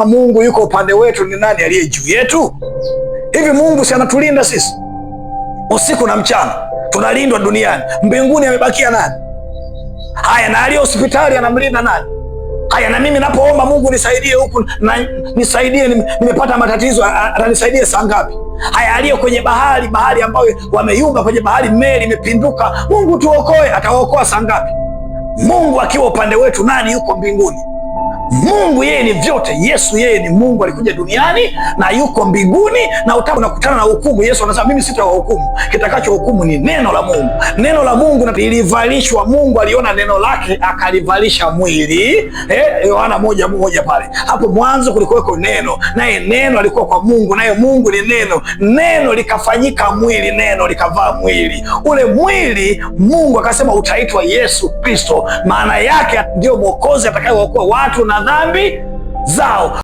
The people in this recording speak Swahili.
Ah, Mungu yuko upande wetu, ni nani aliye juu yetu? Hivi Mungu si anatulinda sisi usiku na mchana, tunalindwa duniani. Mbinguni amebakia nani? Haya, na aliye hospitali anamlinda nani? Haya, na mimi napoomba Mungu nisaidie huku na nisaidie, nimepata matatizo, atanisaidie saa ngapi? Haya, aliye kwenye bahari, bahari ambayo wameyumba kwenye bahari, meli imepinduka, Mungu tuokoe, atawaokoa saa ngapi? Mungu akiwa upande wetu, nani yuko mbinguni? Mungu yeye ni vyote. Yesu yeye ni Mungu, alikuja duniani na yuko mbinguni, na unakutana na hukumu. Yesu anasema mimi sitawahukumu, kitakacho hukumu ni neno la Mungu. Neno la Mungu ilivalishwa, Mungu aliona neno lake akalivalisha mwili. Eh, Yohana eh, moja moja pale, hapo mwanzo kulikuweko neno, naye neno alikuwa kwa Mungu, naye Mungu ni neno. Neno likafanyika mwili, neno likavaa mwili. Ule mwili Mungu akasema utaitwa Yesu Kristo, maana yake ndio mwokozi atakayeokoa watu na dhambi zao.